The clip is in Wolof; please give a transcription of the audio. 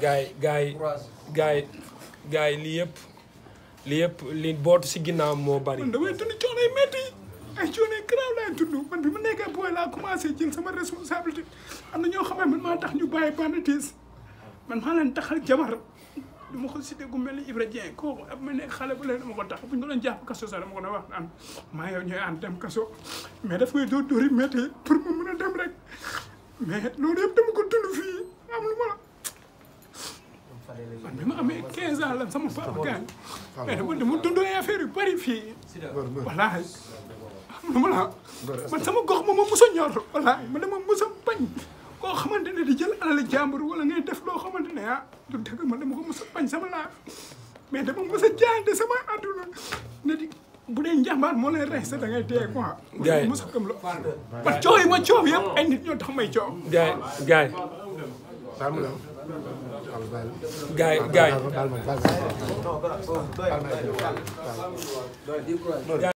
gaay gaay gaay gaay lii yëpp lii yëpp li boot si ginnaaw moo bari. man damay dund coono la métti ay coono yu garaaw laay dund man bi ma nekkee booy sama responsabilité am na ñoo xam ne man maa tax ñu bàyyi banditis man maa leen taxal jabar du ma ko cité gu mel ni Ibra Dieng ma nekk xale bu leen dama ko tax bu ñu ko doon jàpp ko doon wax naan maa yow ñooy ànd dem kaso mais daf koy dóor dóori métti pour mu mën a dem rek mais loolu yëpp dama ko dund fii. man bi ma amee quinze a lan sama papa gaañ mais dama dama dund ay yu bari fii wallaahi nu ma la man sama gox ma ma mos a ñor wallaahi man dama mos a koo xamante ne di jël alal jàmbur wala ngay def loo xamante ne ah du dëgg man dama ko mos a bañ sama laaf mais dama mos a jaante sama àdduna ne di bu dee njàmbaar moo lay rey sa da ngay dee quoi gaay mos a gëm la man coow yi ma coow yëpp ay nit ñoo tax gaay a gaay gaay